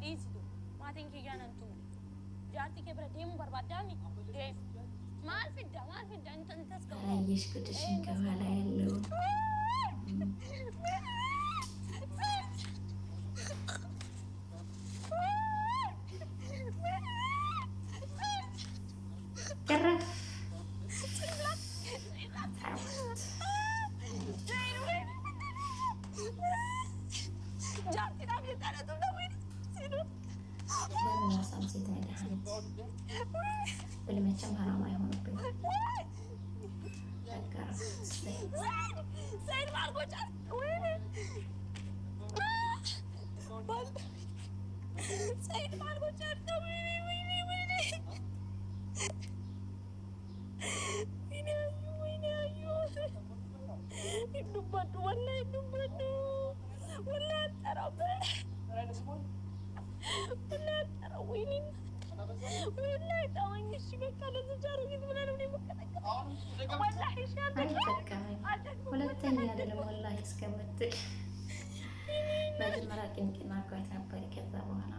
dhiisitu maatiin kiyyaa nan tuule. Jaartii kee bira deemuu barbaaddaami? Deemu. Maal fidda maal fidda intas gabaabaa. Alaayyees godhashin gabaa laa yalloo. በእድሜያችን ሀራማ የሆኑብኝ ሰይድ ሁለተኛ አይደለም ወላሂ እስከምትል መጀመሪያ ቅንቅና ጓት ነበር። ከዛ በኋላ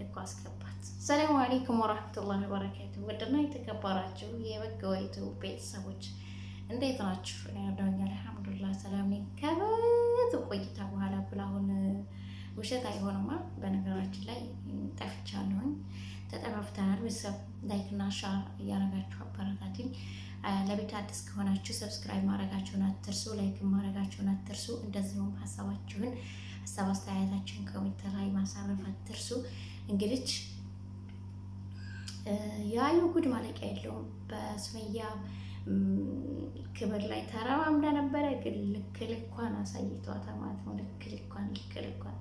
ልኮ አስገባት። ሰላሙ አሌይኩም ወራህመቱላሂ ወበረካቱ። ውድና የተከበራችሁ የበገወይቱ ቤተሰቦች እንዴት ናችሁ? ያለውኛ አልሐምዱሊላህ ሰላም ከብዙ ቆይታ በኋላ ብላሁን ውሸት አይሆንማ። በነገራችን ላይ ጠፍቻለሁኝ፣ ተጠፋፍተናል። ቤተሰብ ላይክና ሻር እያረጋችሁ አበረታትኝ ለቤት አዲስ ከሆናችሁ ሰብስክራይብ ማድረጋችሁን አትርሱ፣ ላይክ ማድረጋችሁን አትርሱ። እንደዚሁም ሀሳባችሁን ሀሳብ አስተያየታችሁን ኮሜንት ላይ ማሳረፍ አትርሱ። እንግዲህ የአዩ ጉድ ማለቂያ የለውም። በሱመያ ክብር ላይ ተረማምዳ ነበረ፣ ግን ልክ ልኳን አሳይቷታል ማለት ነው። ልክ ልኳን ልክ ልኳን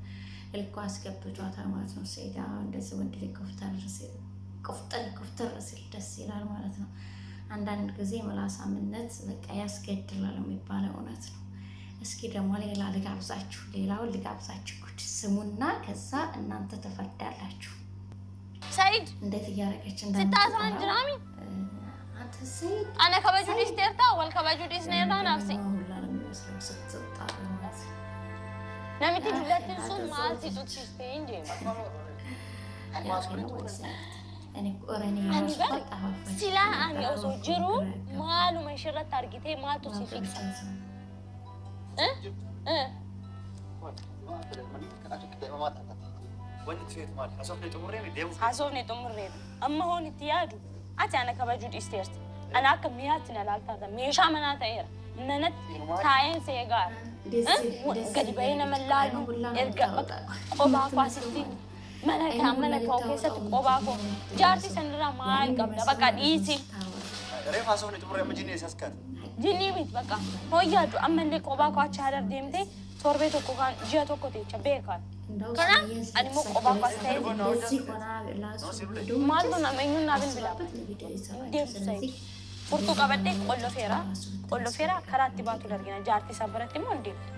ልኮ አስገብቷታል ማለት ነው። ሴዳ እንደዚህ ወንድ ላይ ቆፍጠር ቆፍጠር ሲል ደስ ይላል ማለት ነው። አንዳንድ ጊዜ ምላሳምነት በቃ ያስገድላል የሚባለው እውነት ነው። እስኪ ደግሞ ሌላ ልጋብዛችሁ፣ ሌላውን ልጋብዛችሁ። ጉድ ስሙና ከዛ እናንተ ተፈርዳላችሁ። ሰይድ እንዴት እያደረገች እንዳስታንጅናሚ አነ ከበጁ ዲስ ዴርታ ወልከበጁ ዲስ ኔርታ ናፍሴ ነሚትጅለት ሱን ማአት ይጡት ሽስቴ እንጂ sila ami osoo jiruu maaluma ishirratti argitee maaltu si fixa? Haasofne xumurreedha. Amma hoon itti yaadu ati ana kabajuu dhiisteerti. Ana akka miyaatti na laaltaata. Meeshaa manaa ta'eera. Manatti taa'een see gaara. Gadi bahee nama laalu erga kophaa faasitti manakaamanakoo keessatti kophaa koo jaarsi sanirraa maal qabda baqa dhiisi. Reefaa soofni xumuree amma jinnii isaas kaata. Jinnii miti baqa hooyyaadhu ammallee kophaa koo achi haadar deemtee torbee tokko kan ji'a tokko teecha beekan. Kana ani immoo kophaa koo as ta'e maaltu nama eenyuun naaf hin bilaa deemsisee. Furtuu qabadhee qollofeera qollofeera karaa itti baatu argina jaartii isa biratti immoo hin deemtu.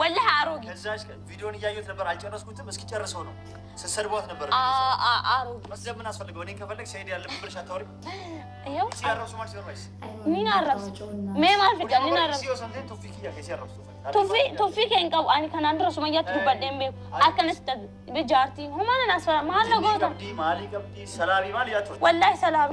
ወላሂ አሮጊት ከዛች ቪዲዮን እያየሁት ነበር። አልጨረስኩትም። እስኪ ጨርሰው ነው ስትሰድቧት ነበር። ምን አስፈልገው? እኔ ከፈለግሽ ሄድ ያለ ብለሽ አታወሪም። ሰላቢ ሰላቢ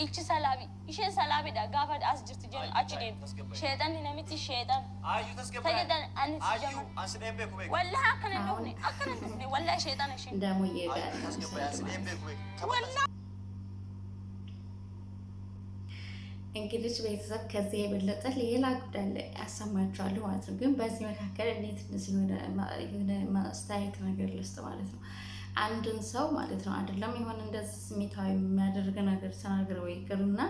ይቺ ሰላቢ ይሽን ሰላቢ ዳጋ ፈድ አስጅርት ጀን አቺ ደም ሸይጣን ነሚት ሸይጣን አዩ ተስገባ አዩ አስደም በኩ ወላ አከነ እንደሆነ አከነ እንደሆነ ወላ ሸይጣን እሺ ደሞ ይሄዳል ወላ እንግዲህ ቤተሰብ ከዚህ የበለጠ ሌላ ጉዳይ ላይ ያሰማችኋለሁ ማለት ነው። ግን በዚህ መካከል እኔ ትንሽ የሆነ ማስተያየት ነገር ልስጥ ማለት ነው። አንድን ሰው ማለት ነው አይደለም የሆነ እንደዚህ ስሜታዊ የሚያደርግ ነገር ተናግረው ይቅርና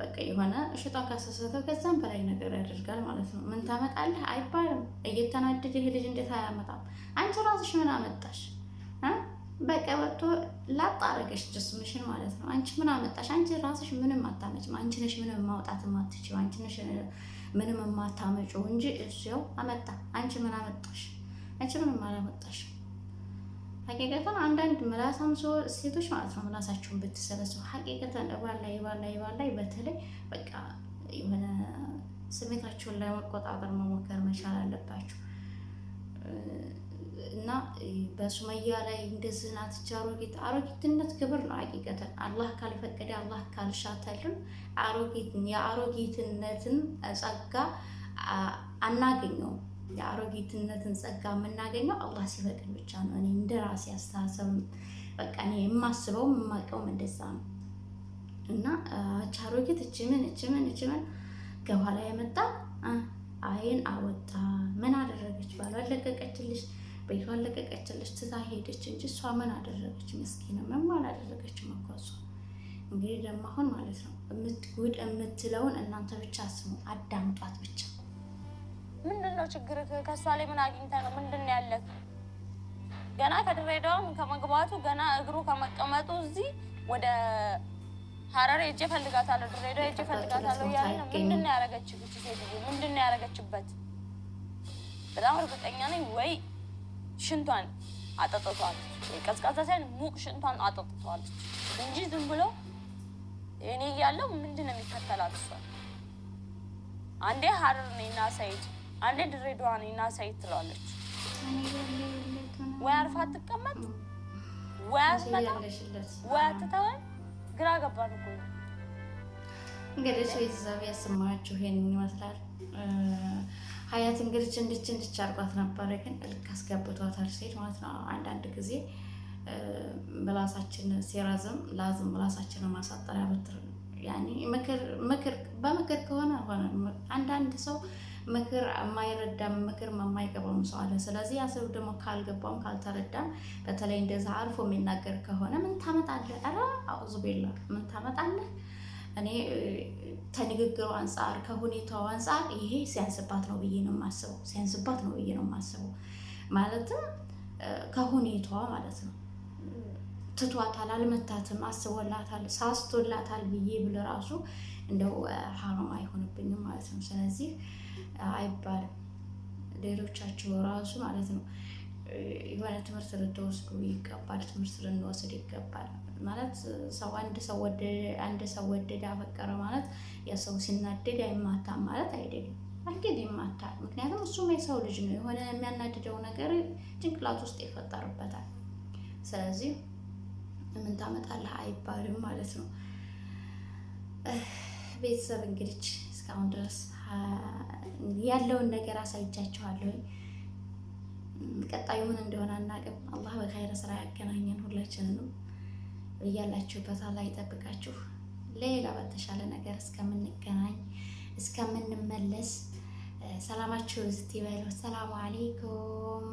በቃ የሆነ እሽጣ ካሰሰተው ከዛም በላይ ነገር ያደርጋል ማለት ነው። ምን ታመጣለህ አይባልም። እየተናደደ ይሄ ልጅ እንዴት አያመጣም? አንቺ ራስሽ ምን አመጣሽ? በቃ ወጥቶ አረገሽ ጅስምሽን ማለት ነው። አንቺ ምን አመጣሽ? አንቺ ራስሽ ምንም አታመጭም። አንቺ ነሽ ምንም ማውጣት ማትችው፣ አንቺ ነሽ ምንም የማታመጭው እንጂ እሱ ያው አመጣ። አንቺ ምን አመጣሽ? አንቺ ምንም አላመጣሽ። ሀቂቀተን አንዳንድ ምላሳም ሴቶች ማለት ነው ምላሳቸውን ብትሰለሱ ሀቂቀተን እባል ላይ እባል ላይ እባል ላይ በተለይ በቃ የሆነ ስሜታቸውን ለመቆጣጠር መሞከር መቻል አለባቸው እና በሱመያ ላይ እንደዚህ ናትቻ አሮጊት አሮጊትነት ክብር ነው። ሀቂቀተን አላህ ካልፈቀደ አላህ ካልሻተልን አሮጊትን የአሮጊትነትን ጸጋ አናገኘውም። የአሮጊትነትን ጸጋ የምናገኘው አላህ ሲፈቅድ ብቻ ነው። እኔ እንደ ራሴ አስተሳሰብ በቃ እኔ የማስበውም የማውቀውም እንደዛ ነው እና እች እችምን እችምን እችምን እች ከኋላ የመጣ አይን አወጣ። ምን አደረገች? ባሏን አለቀቀችልሽ፣ ቤቷን አለቀቀችልሽ፣ ትታ ሄደች እንጂ እሷ ምን አደረገች? ምስኪን ምንም አላደረገችም እኮ እሷ። እንግዲህ ደግሞ አሁን ማለት ነው ጉድ የምትለውን እናንተ ብቻ ስሙ፣ አዳምጧት ብቻ ምንድን ነው ችግር? ከእሷ ላይ ምን አግኝተህ ነው? ምንድን ነው ያለህ? ገና ከድሬዳዋም ከመግባቱ ገና እግሩ ከመቀመጡ እዚህ ወደ ሀረር ሄጄ እፈልጋታለሁ፣ ድሬዳዋ ሄጄ እፈልጋታለሁ እያለ ነው። ምንድን ነው ያደረገችህ? ሴትዮ ምንድን ነው ያደረገችበት? በጣም እርግጠኛ ነኝ ወይ ሽንቷን አጠጥቷል ቀዝቃዛ ሳይሆን ሙቅ ሽንቷን አጠጥቷል እንጂ ዝም ብሎ እኔ እያለሁ ምንድን ነው የሚከተላት እሷ? አንዴ ሀረር ነኝ ና ሰይድ አንዴ ድሬዳዋ ነኝ እና ሳይት ትለዋለች። ወይ አርፋ አትቀመጥ፣ ወይ አስመጣ፣ ወይ አትተወን። ግራ ገባን እኮ እንግዲህ ቤተሰብ ያሰማችሁ ይሄን ይመስላል። ሀያት እንግዲህ እንድች እንድች አርጓት ነበረ፣ ግን እልክ አስገብቷታል። ሴት ማለት ነው። አንዳንድ ጊዜ በላሳችን ሲራዝም ላዝም በላሳችን ማሳጠሪያ ብትር ምክር በምክር ከሆነ ሆነ አንዳንድ ሰው ምክር የማይረዳም ምክር የማይገባውም ሰው አለ። ስለዚህ ያ ሰው ደግሞ ካልገባም ካልተረዳም በተለይ እንደዛ አልፎ የሚናገር ከሆነ ምን ታመጣለህ? ኧረ አውዝ ምን ታመጣለህ? እኔ ከንግግሩ አንጻር ከሁኔታው አንጻር ይሄ ሲያንስባት ነው ብዬ ነው የማስበው። ሲያንስባት ነው ብዬ ነው የማስበው ማለትም ከሁኔታዋ ማለት ነው ትቷታል፣ አልመታትም፣ አስቦላታል፣ ሳስቶላታል ብዬ ብለ ራሱ እንደው ሀራም አይሆንብኝም። አይባልም። ሌሎቻቸው ራሱ ማለት ነው የሆነ ትምህርት ልትወስዱ ይገባል። ትምህርት ልንወስድ ይገባል ማለት ሰው አንድ ሰው አንድ ሰው ወደደ አፈቀረ ማለት ያ ሰው ሲናደድ አይማታም ማለት አይደለም። አንገድ ይማታል። ምክንያቱም እሱም የሰው ልጅ ነው። የሆነ የሚያናድደው ነገር ጭንቅላት ውስጥ ይፈጠርበታል። ስለዚህ ምን ታመጣለህ አይባልም ማለት ነው። ቤተሰብ እንግዲህ እስካሁን ድረስ ያለውን ነገር አሳይቻችኋለሁ። ቀጣዩ ምን እንደሆነ አናውቅም። አላህ በኸይረ ስራ ያገናኘን ሁላችንንም። እያላችሁበት አላህ ይጠብቃችሁ። ሌላ በተሻለ ነገር እስከምንገናኝ እስከምንመለስ ሰላማችሁ ዝት ይበሉ። ሰላሙ አሌይኩም